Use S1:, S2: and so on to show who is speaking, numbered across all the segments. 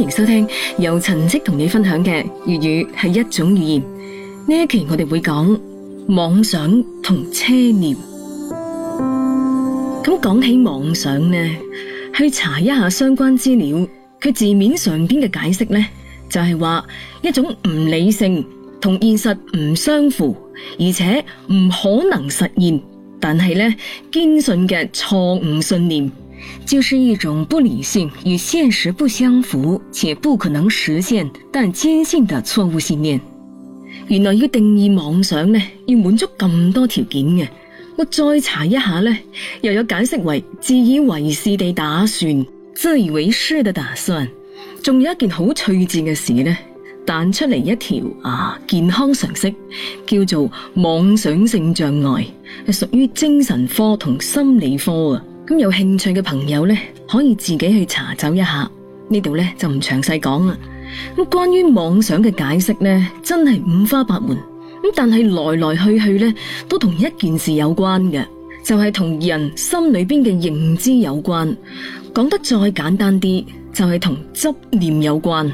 S1: 歡迎收聽由陳戚同你分享嘅粵語係一種語言。呢一期我哋會講妄想同奢念。咁講起妄想呢，去查一下相關資料，佢字面上邊嘅解釋呢，就係話一種唔理性同現實唔相符，而且唔可能實現，但係呢堅信嘅錯誤信念。就是一種不理性、與現實不相符且不可能實現但堅信的錯誤信念。原來要定義妄想呢，要滿足咁多條件嘅，啊。我再查一下呢，又有解釋為自以為是地打算、自以為是地打算。仲有一件好趣致嘅事呢，彈出嚟一條啊健康常識，叫做妄想性障礙，係屬於精神科同心理科啊。咁有興趣嘅朋友呢，可以自己去查找一下，呢度呢，就唔詳細講啦。咁關於妄想嘅解釋呢，真係五花八門。咁但係來來去去呢，都同一件事有關嘅，就係同人心裏邊嘅認知有關。講得再簡單啲，就係同執念有關。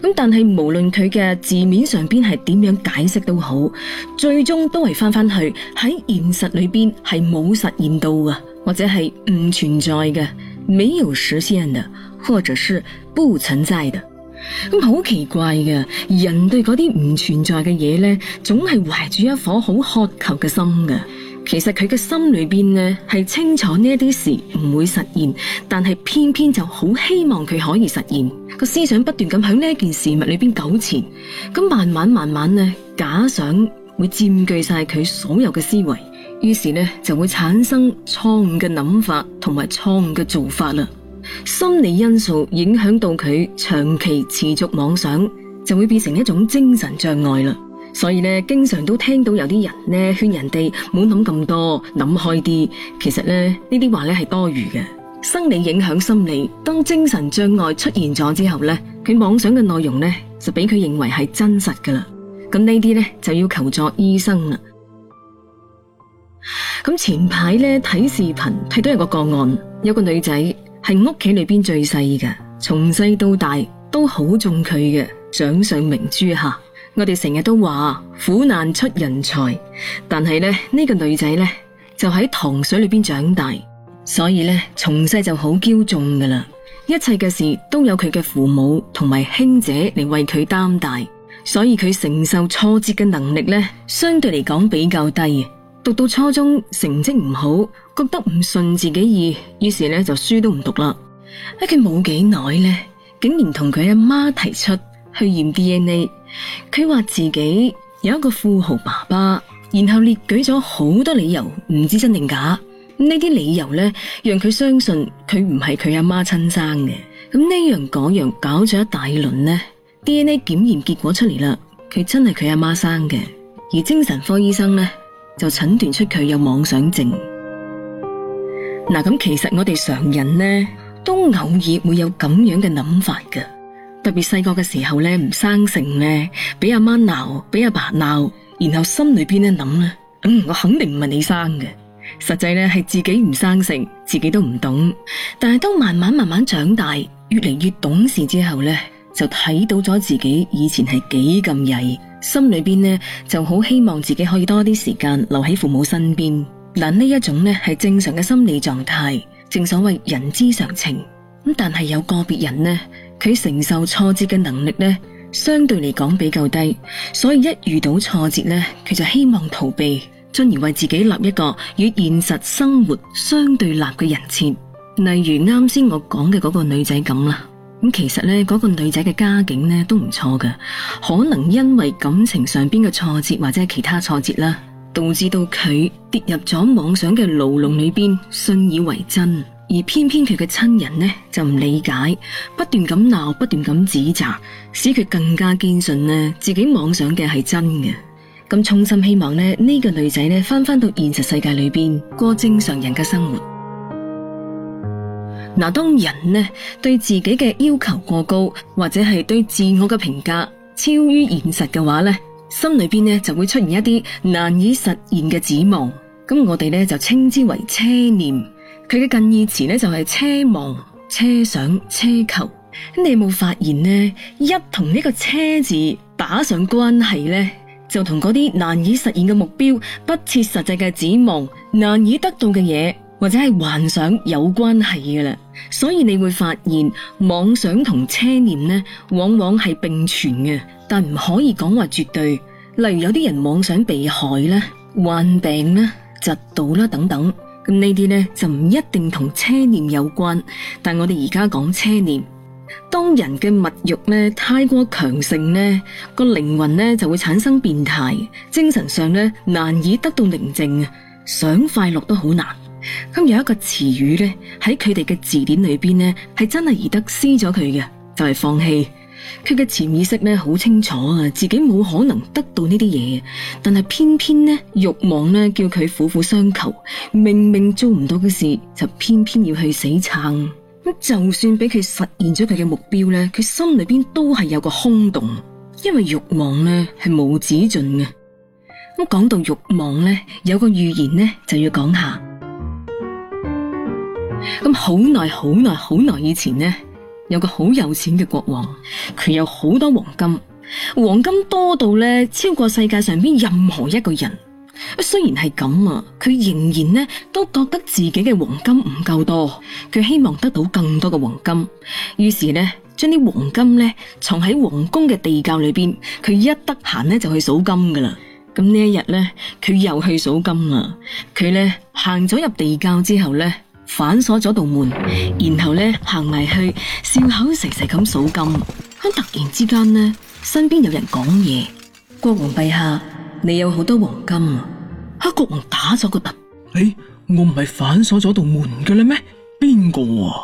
S1: 咁但係無論佢嘅字面上邊係點樣解釋都好，最終都係翻翻去喺現實裏邊係冇實現到噶。或者係唔存在嘅，沒有實現的，或者是不存在的，咁好奇怪嘅。人對嗰啲唔存在嘅嘢咧，總係懷住一顆好渴求嘅心嘅。其實佢嘅心裏邊咧係清楚呢一啲事唔會實現，但係偏偏就好希望佢可以實現。個思想不斷咁響呢一件事物裏邊糾纏，咁慢慢慢慢咧，假想會佔據晒佢所有嘅思維。於是呢，就會產生錯誤嘅諗法同埋錯誤嘅做法啦。心理因素影響到佢長期持續妄想，就會變成一種精神障礙啦。所以呢，經常都聽到有啲人呢勸人哋唔好諗咁多，諗開啲。其實呢，呢啲話呢係多餘嘅。生理影響心理，當精神障礙出現咗之後呢，佢妄想嘅內容呢，就俾佢認為係真實噶啦。咁呢啲呢，就要求助醫生啦。咁前排咧睇視頻睇到一個個案，有個女仔係屋企裏邊最細嘅，從細到大都好中佢嘅掌上明珠吓。我哋成日都話苦難出人才，但係咧，呢個女仔呢，就喺糖水裏邊長大，所以呢，從細就好驕縱噶啦。一切嘅事都有佢嘅父母同埋兄姐嚟為佢擔大，所以佢承受挫折嘅能力呢，相對嚟講比較低。讀到初中，成績唔好，覺得唔順自己意，於是咧就書都唔讀啦。喺佢冇幾耐咧，竟然同佢阿媽提出去驗 DNA。佢話自己有一個富豪爸爸，然後列舉咗好多理由，唔知真定假。呢啲理由咧，讓佢相信佢唔係佢阿媽親生嘅。咁呢樣嗰樣搞咗一大輪咧，DNA 檢驗結果出嚟啦，佢真係佢阿媽生嘅。而精神科醫生咧。就診斷出佢有妄想症。嗱，咁其實我哋常人呢，都偶爾會有咁樣嘅諗法噶。特別細個嘅時候咧，唔生性咧，俾阿媽鬧，俾阿爸鬧，然後心裏邊咧諗咧，嗯，我肯定唔係你生嘅。實際咧係自己唔生性，自己都唔懂。但係都慢慢慢慢長大，越嚟越懂事之後咧，就睇到咗自己以前係幾咁曳。心裏邊呢就好希望自己可以多啲時間留喺父母身邊，嗱，呢一種呢係正常嘅心理狀態，正所謂人之常情。咁但係有個別人呢，佢承受挫折嘅能力呢相對嚟講比較低，所以一遇到挫折呢，佢就希望逃避，進而為自己立一個與現實生活相對立嘅人設，例如啱先我講嘅嗰個女仔咁啦。咁其實咧，嗰個女仔嘅家境咧都唔錯嘅，可能因為感情上邊嘅挫折或者其他挫折啦，導致到佢跌入咗妄想嘅牢籠裏邊，信以為真。而偏偏佢嘅親人咧就唔理解，不斷咁鬧，不斷咁指責，使佢更加堅信咧自己妄想嘅係真嘅。咁衷心希望咧呢個女仔咧翻翻到現實世界裏邊過正常人嘅生活。嗱，當人呢對自己嘅要求過高，或者係對自我嘅評價超於現實嘅話呢，心裏邊呢就會出現一啲難以實現嘅指望，咁我哋呢就稱之為奢念，佢嘅近義詞呢就係奢望、奢想、奢求。你有冇發現呢？一同呢個奢字打上關係呢，就同嗰啲難以實現嘅目標、不切實際嘅指望、難以得到嘅嘢。或者係幻想有關係嘅啦，所以你會發現妄想同奢念呢，往往係並存嘅，但唔可以講話絕對。例如有啲人妄想被害啦、患病啦、嫉妒啦等等，咁呢啲呢就唔一定同奢念有關。但我哋而家講奢念，當人嘅物欲呢太過強盛呢，個靈魂呢就會產生變態，精神上呢難以得到寧靜，想快樂都好難。咁有一個詞語咧，喺佢哋嘅字典裏邊咧，係真係而得失咗佢嘅，就係放棄。佢嘅潛意識咧好清楚啊，自己冇可能得到呢啲嘢，但係偏偏咧，欲望咧叫佢苦苦相求，明明做唔到嘅事就偏偏要去死撐。咁就算俾佢實現咗佢嘅目標咧，佢心裏邊都係有個空洞，因為欲望咧係無止盡嘅。咁講到欲望咧，有個寓言咧就要講下。咁好耐好耐好耐以前呢，有個好有錢嘅國王，佢有好多黃金，黃金多到咧超過世界上邊任何一個人。雖然係咁啊，佢仍然呢都覺得自己嘅黃金唔夠多，佢希望得到更多嘅黃金。於是呢，將啲黃金呢藏喺皇宮嘅地窖裏邊。佢一得閒呢就去數金噶啦。咁呢一日呢，佢又去數金啦。佢呢行咗入地窖之後呢，反鎖咗道門，然後咧行埋去，笑口噬噬咁數金。喺突然之間咧，身邊有人講嘢：國王陛下，你有好多黃金啊！哈！國王打咗個突、欸啊，哎，我唔係反鎖咗道門嘅啦咩？邊個啊？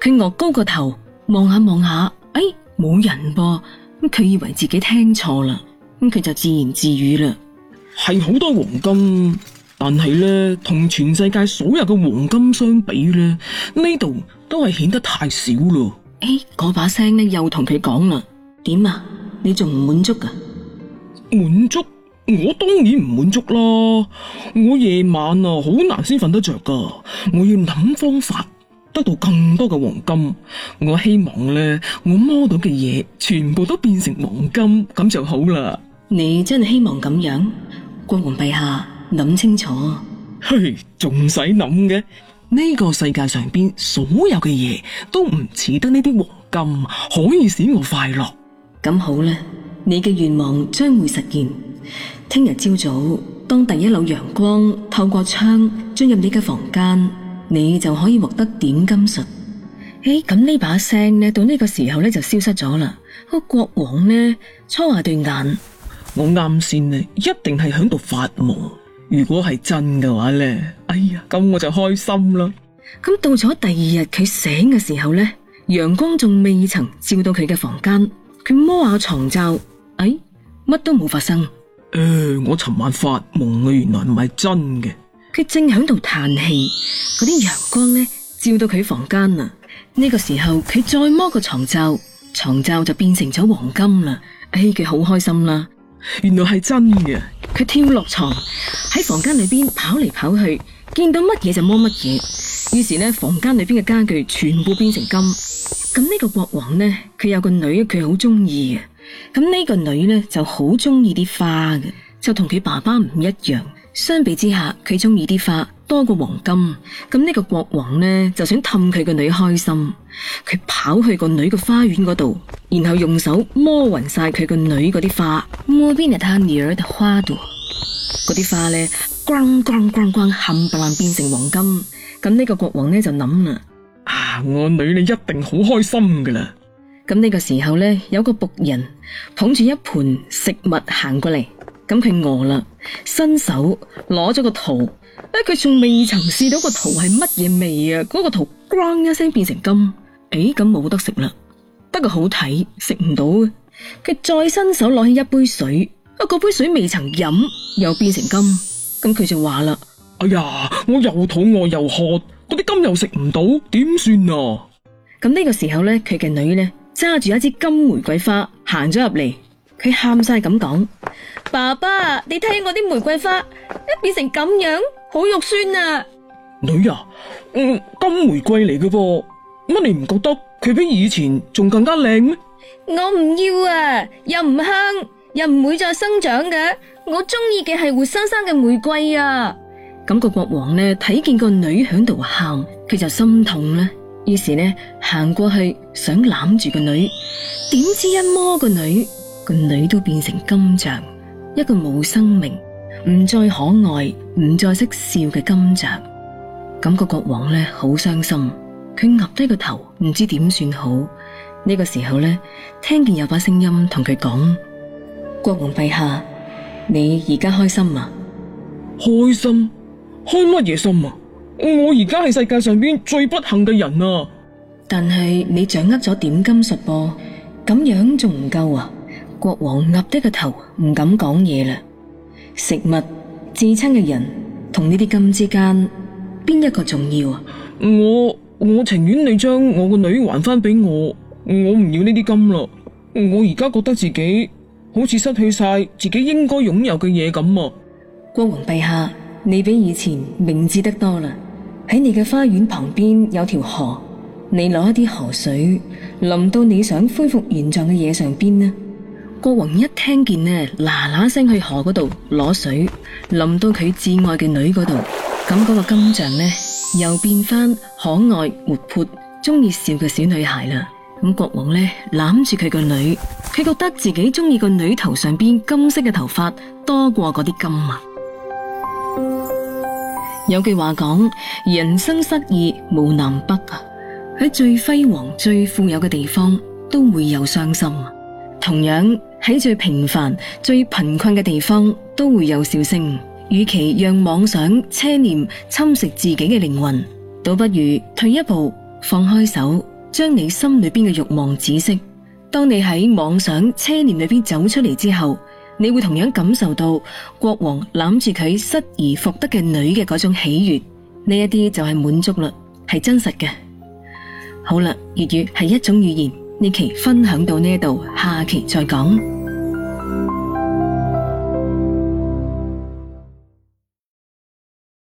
S1: 佢昂高個頭望下望下，哎，冇人噃。咁佢以為自己聽錯啦，咁佢就自言自語啦：係好多黃金。但係咧，同全世界所有嘅黃金相比咧，呢度都係顯得太少咯。誒、哎，嗰把聲咧又同佢講啦，點啊？你仲唔滿足噶、啊？滿足？我當然唔滿足啦。我夜晚啊，好難先瞓得着噶。我要諗方法得到更多嘅黃金。我希望咧，我摸到嘅嘢全部都變成黃金，咁就好啦。你真係希望咁樣，國王陛下？諗清楚，嘿，仲使諗嘅？呢個世界上邊所有嘅嘢，都唔似得呢啲黃金可以使我快樂。咁好啦，你嘅願望將會實現。聽日朝早，當第一縷陽光透過窗進入你嘅房間，你就可以獲得點金術。誒，咁呢把聲咧，到呢個時候咧就消失咗啦。個國王呢，搓下對眼，我啱先呢，一定係響度發夢。如果係真嘅話咧，哎呀，咁我就開心啦。咁到咗第二日佢醒嘅時候咧，陽光仲未曾照到佢嘅房間，佢摸下床罩，哎，乜都冇發生。誒、呃，我尋晚發夢啊，原來唔係真嘅。佢正響度嘆氣，嗰啲陽光咧照到佢房間啊。呢、這個時候佢再摸個床罩，床罩就變成咗黃金啦。哎，佢好開心啦，原來係真嘅。佢跳落床，喺房間裏邊跑嚟跑去，見到乜嘢就摸乜嘢。於是咧，房間裏邊嘅家具全部變成金。咁呢個國王咧，佢有個女，佢好中意啊。咁呢個女咧就好中意啲花嘅，就同佢爸爸唔一樣。相比之下，佢中意啲花。多過黃金，咁呢個國王呢就想氹佢個女開心，佢跑去個女個花園嗰度，然後用手摸勻晒佢個女嗰啲花，摸邊嚟睇女兒啲花度，嗰啲花咧，咣咣咣咣冚唪唥變成黃金，咁呢個國王呢就諗啦，啊，我女你一定好開心噶啦。咁呢個時候呢，有個僕人捧住一盤食物行過嚟。咁佢餓啦，伸手攞咗個桃，誒、哎，佢仲未曾試到個桃係乜嘢味啊！嗰、那個桃咣一聲變成金，誒、哎，咁冇得食啦，得個好睇，食唔到啊！佢再伸手攞起一杯水，啊，嗰杯水未曾飲又變成金，咁佢就話啦：哎呀，我又肚餓又渴，嗰啲金又食唔到，點算啊？咁呢個時候咧，佢嘅女咧揸住一支金玫瑰花行咗入嚟。佢喊晒咁講，爸爸，你睇我啲玫瑰花一變成咁樣，好肉酸啊！女啊，嗯，金玫瑰嚟嘅噃，乜你唔覺得佢比以前仲更加靚咩？我唔要啊，又唔香，又唔會再生長嘅。我中意嘅係活生生嘅玫瑰啊！咁個國王咧睇見個女喺度喊，佢就心痛啦。於是呢，行過去想攬住個女，點知一摸個女，個女都變成金像，一個冇生命、唔再可愛、唔再識笑嘅金像。感覺國王呢好傷心，佢壓低個頭，唔知點算好。呢、呢個時候呢，聽見有把聲音同佢講：國王陛下，你而家開心啊？開心？開乜嘢心啊？我而家係世界上邊最不幸嘅人啊！但係你掌握咗點金術噃？咁樣仲唔夠啊？國王壓低個頭，唔敢講嘢啦。食物、至親嘅人同呢啲金之間，邊一個重要啊？我我情願你將我個女還翻俾我，我唔要呢啲金啦。我而家覺得自己好似失去晒自己應該擁有嘅嘢咁啊！國王陛下，你比以前明智得多啦。喺你嘅花園旁邊有條河，你攞一啲河水淋到你想恢復原狀嘅嘢上邊呢？國王一聽見呢嗱嗱聲去河嗰度攞水，淋到佢至愛嘅女嗰度。咁嗰個金像呢，又變翻可愛活潑、中意笑嘅小女孩啦。咁國王呢，攬住佢個女，佢覺得自己中意個女頭上邊金色嘅頭髮多過嗰啲金啊。有句話講：人生失意無南北啊，喺最輝煌、最富有嘅地方都會有傷心。同樣。喺最平凡、最貧困嘅地方都會有笑聲。與其讓妄想、奢念侵蝕自己嘅靈魂，倒不如退一步，放開手，將你心裏邊嘅慾望止息。當你喺妄想、奢念裏邊走出嚟之後，你會同樣感受到國王攬住佢失而復得嘅女嘅嗰種喜悦。呢一啲就係滿足啦，係真實嘅。好啦，粵語係一種語言。呢期分享到呢度，下期再講。